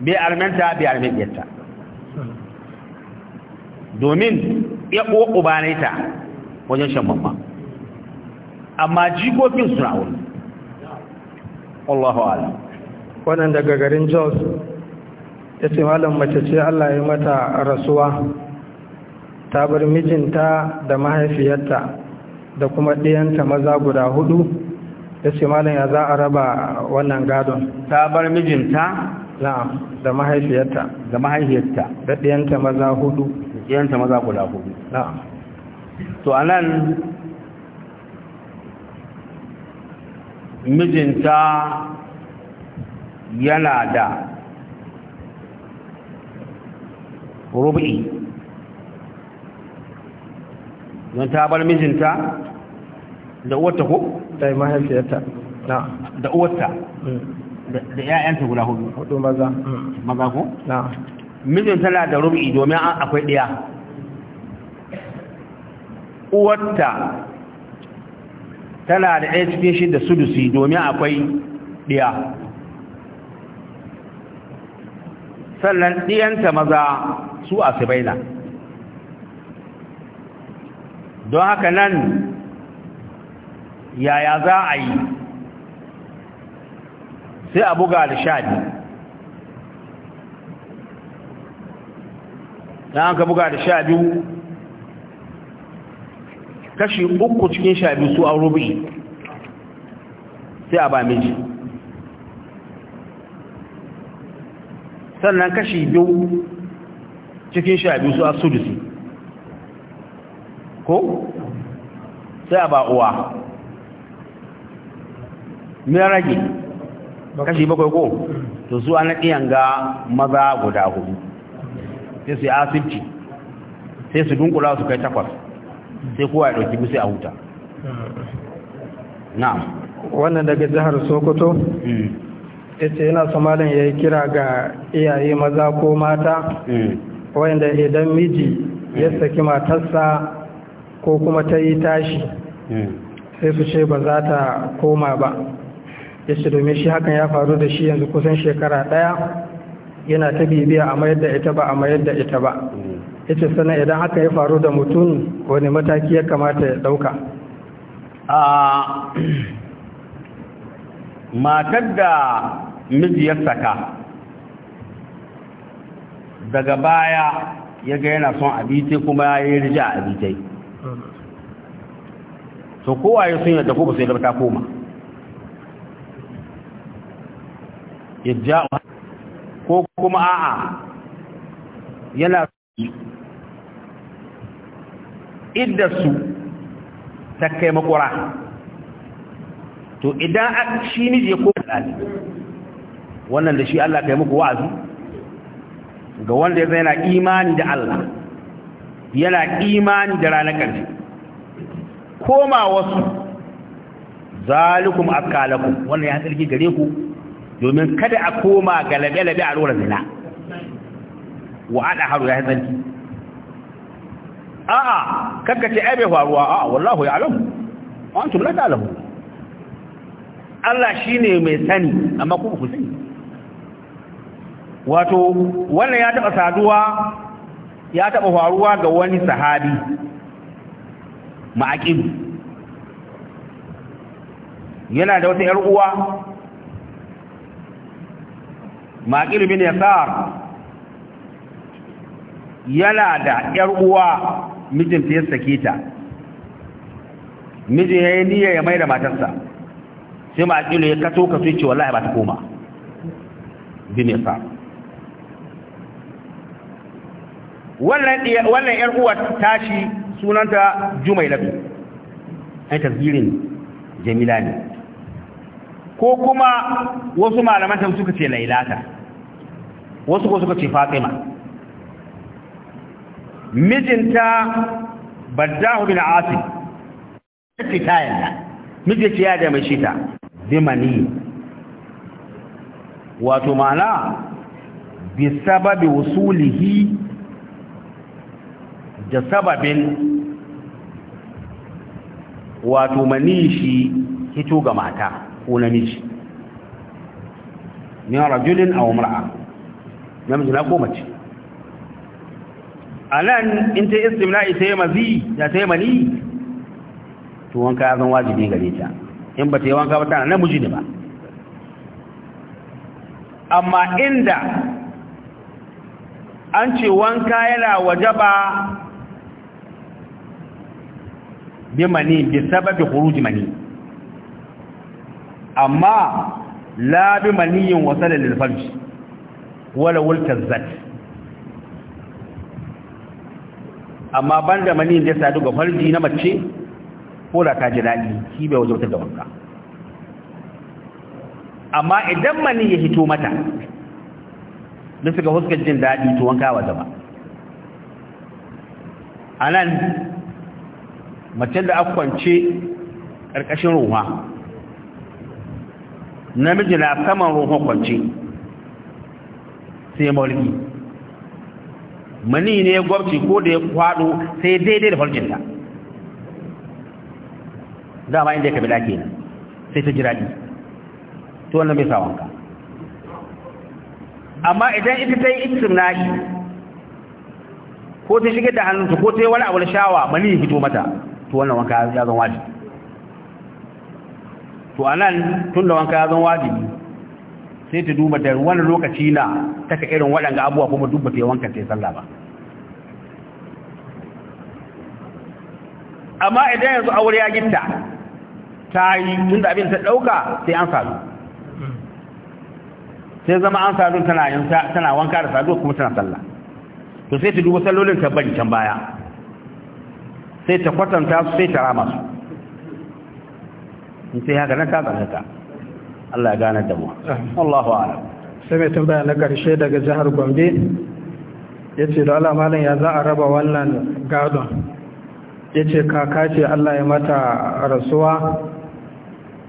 bi almenta bi almenta domin ya uwa uba ne ta wajen shan mamma amma jikokin suna wuri Allahu ala wannan daga garin Jos ya ce malam mace ce Allah ya mata rasuwa ta bar mijinta da mahaifiyarta da kuma ɗiyanta maza guda hudu ya ce malam ya za a raba wannan gadon ta bar mijinta na'am da mahaifiyarta da mahaifiyarta da ɗiyanta maza hudu ɗiyanta maza guda hudu na'am to anan mijinta yana da rubi. don ta bar mijinta da uwarta ko da mahaifiyarta na da uwarta mm. da ƴaƴanta guda hudu hudu maza mm. Mm. maza ko na mijin tana da rubi domin an akwai ɗiya, uwarta tana da ɗaya cikin shi da sudusi domin akwai ɗiya, sannan ɗiyanta maza su a sibaina don haka nan yaya za a yi sai a buga da sha biyu an ka buga da sha biyu kashi uku cikin sha biyu su an rubi sai a ba miji sannan kashi biyu cikin sha biyu su a sudisi ko sai a ba uwa kashi bakwai ko to su ana iya ga maza guda hudu sai su yi asibci sai su dunkula su kai takwas sai kowa ya ɗauki bisa a huta na'am wannan daga jihar sokoto ita mm. yana somalin ya yi kira ga iyaye maza ko mata mm. wanda idan miji ya mm. saki matarsa ko kuma ta yi tashi hmm. sai su ce ba za ta koma ba ya ce domin shi hakan ya faru da shi yanzu kusan shekara ɗaya yana ta bibiya a mayar da ita ba a mayar da ita ba hmm. ya ce sana idan haka ya faru da mutum wani mataki ya kamata ya ɗauka a matar da miji ya saka daga baya ya ga yana son abitai kuma ya yi rija abitai so kowaye sun yadda ko ba sai ta koma yadda ko kuma a'a yana idda su ta kai makwara to idan a shi ni je ko dalali wannan da shi Allah kai muku wa'azi ga wanda ya zai na imani da Allah yana imani da ranar ƙarshe koma wasu zalikum akalakum wannan ya tsarki gare ku domin kada a koma ga labe-labe a lura zina wa haɗa haru ya tsarki a'a kakka ce aibe faruwa a'a wallahu ya alamu an tumla ta alamu Allah shi ne mai sani amma kuma ku sani wato wannan ya taɓa saduwa ya taɓa faruwa ga wani sahabi ma'aƙidu yana da wata ‘yar uwa ma'aƙidu bin yasar yana da ‘yar uwa mijinta ya sake ta mijin ya yi niyyar ya mai da matarsa sai ma'aƙidu ya kato kaso ce wallahi ba ta koma bin yasar wannan wannan yar uwa tashi sunanta Jumailatu ai tasgirin Jamila ne ko kuma wasu malaman ta suka ce Lailata wasu ko suka ce Fatima mijinta Baddahu bin asif ce ta yalla ce ya da mai shita bimani wato ma'ana bisababi wusulihi da sababin wato manishi hito ga mata ko namiji min rajulin aw mar'a namiji na ko mace anan in ta istimna'i sai mazi da sai mani to wanka ya zan wajibi gare ta in ba ta yi wanka ba ta namiji ne ba amma inda an ce wanka yana wajaba bi mani bi sababi khuruji mani amma la bi maniyin wasala lil farj wala wal amma banda maniyin da ya ga farji na mace ko da ta ji daɗi shi bai wajautar da wanka amma idan mani ya hito mata bisa ga jin daɗi to wanka wa zama a nan macen da aka kwance ƙarƙashin ruwa namiji na saman ruwa kwance sai mulki mani ne gwamci ko da ya kwado sai daidai da farcinta dama inda ya kabila kenan sai ta jiraɗi to wannan bai sa wanka amma idan ita ta yi istimnaki ko ta shiga da hannunta ko ta yi wani abu da shawa mani fito mata to wannan wanka ya zan wajibi to anan tunda wanka ya zan wajibi sai ta duba da wani lokaci na taka irin waɗanga abuwa kuma duba ta yi wankan ta yi sallah ba amma idan yanzu aure ya gitta ta yi tunda abin ta ɗauka sai an sadu sai zama an sadu tana wanka da sadu kuma tana sallah to sai ta duba sallolin ta bari can baya sai ta kwatanta su sai ta rama su in sai haka na katsanta Allah ya gane da mu Allahu a'lam sai mai tambaya na karshe daga jihar Gombe yace da Allah malam ya za a raba wannan gadon yace kaka ce Allah ya mata rasuwa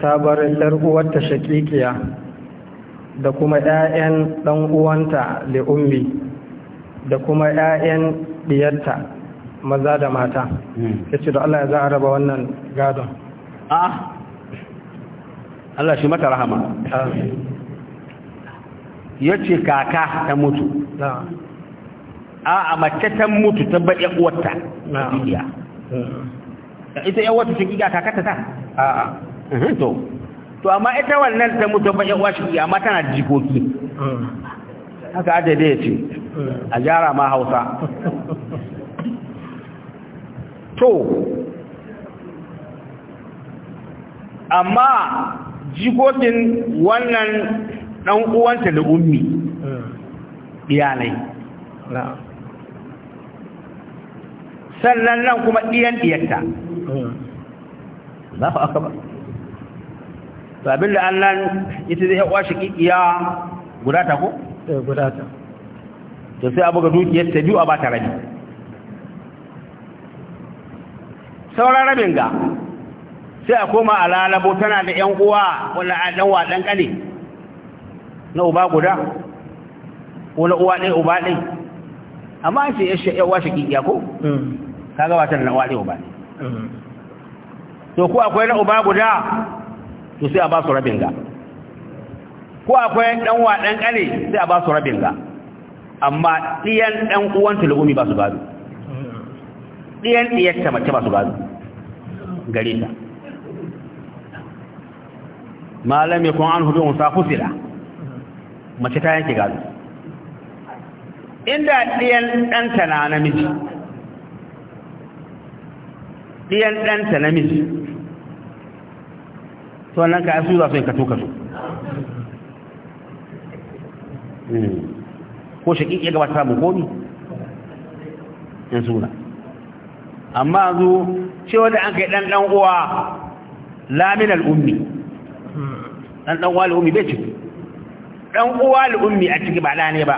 ta bar yar uwarta shakikiya da kuma ƴaƴan dan uwanta li ummi da kuma ƴaƴan diyarta maza da mata hmm. ya ce da Allah ya za a raba wannan gadon a ah. Allah shi mata rahama ya ce kaka ta mutu a a mace ta mutu ta baɗe uwarta na iya hmm. ita yan wata shigiga kakata ta a a to to amma ita wannan ta mutu baɗe shi shigiga amma tana jikoki hmm. haka adada ya ce a jara ma hausa to amma jikokin wannan ɗan uwanta da ummi iyalai sannan nan kuma ɗiyan ɗiyarta ba fa aka ba to abin da allan ita zai yawa shakikiya guda ta ko? Eh, guda ta to sai abu ga dukiyar ta biyu a ba ta rabi sauran rabin ga sai a koma a lalabo tana da yan uwa wala a dan wa ƙane na uba guda wala uwa ɗaya uba ɗaya amma sai ya shi ‘yan washe ƙiƙiya ko mm. gaba tana na uwa ɗaya uba ɗaya mm. to ko akwai na uba guda to sai a ba su rabin ga ko akwai dan wa ƙane sai a ba su rabin ga amma ɗiyan ɗan uwan tulumi ba su gado mm. ɗiyan ɗiyar ta ba su gado gare ta malam ya kun an hudu unsa mace ta yanke gado inda ɗiyan ɗanta na namiji ɗiyan ɗanta namiji to nan ka asu zafin su tuka su kato hmm. ko shaƙi ya gabata samun komi yan suna amma zo ce wanda an kai ɗan uwa lamin ummi ɗan uwa al’ummi ummi bai ciki Ɗan uwa al’ummi ummi a ciki ba ne ba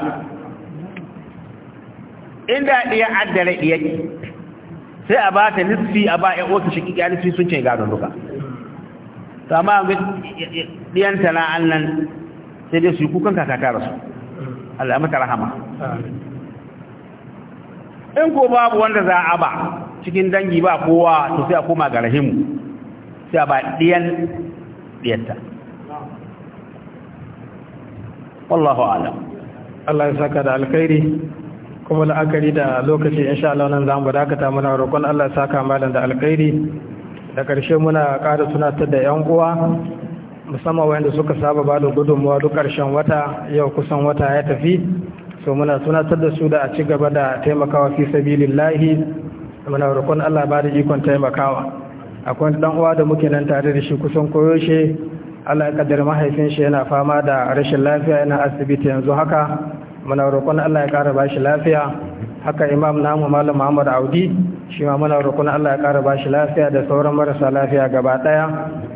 inda iya addare iya sai a ba ta nufi a ba ya otu shi kika nufi sun ce gado duka ta ma ga diyan ta na annan sai dai su yi kukan kaka ta rasu Allah ya mata rahama in ko babu wanda za a ba cikin dangi ba kowa to sai a koma ga rahimu sai a ba ɗiyan ɗiyarta wallahu alam Allah ya saka da alkhairi kuma la'akari da lokaci insha Allah nan za mu dakata muna roƙon Allah ya saka malam da alkhairi da ƙarshe muna ƙara tunatar da 'yan uwa musamman wanda suka saba ba da gudunmuwa duk ƙarshen wata yau kusan wata ya tafi so muna tunatar da su da a ci gaba da taimakawa fi sabilillahi muna rukun Allah ba da ikon taimakawa akwai dan uwa da muke nan tare da shi kusan koyoshe Allah ya kaddara mahaifin shi yana fama da rashin lafiya yana asibiti yanzu haka muna rukun Allah ya kara ba shi lafiya haka imam namu malam Muhammad Audi shi ma muna rukun Allah ya kara ba shi lafiya da sauran marasa lafiya gaba ɗaya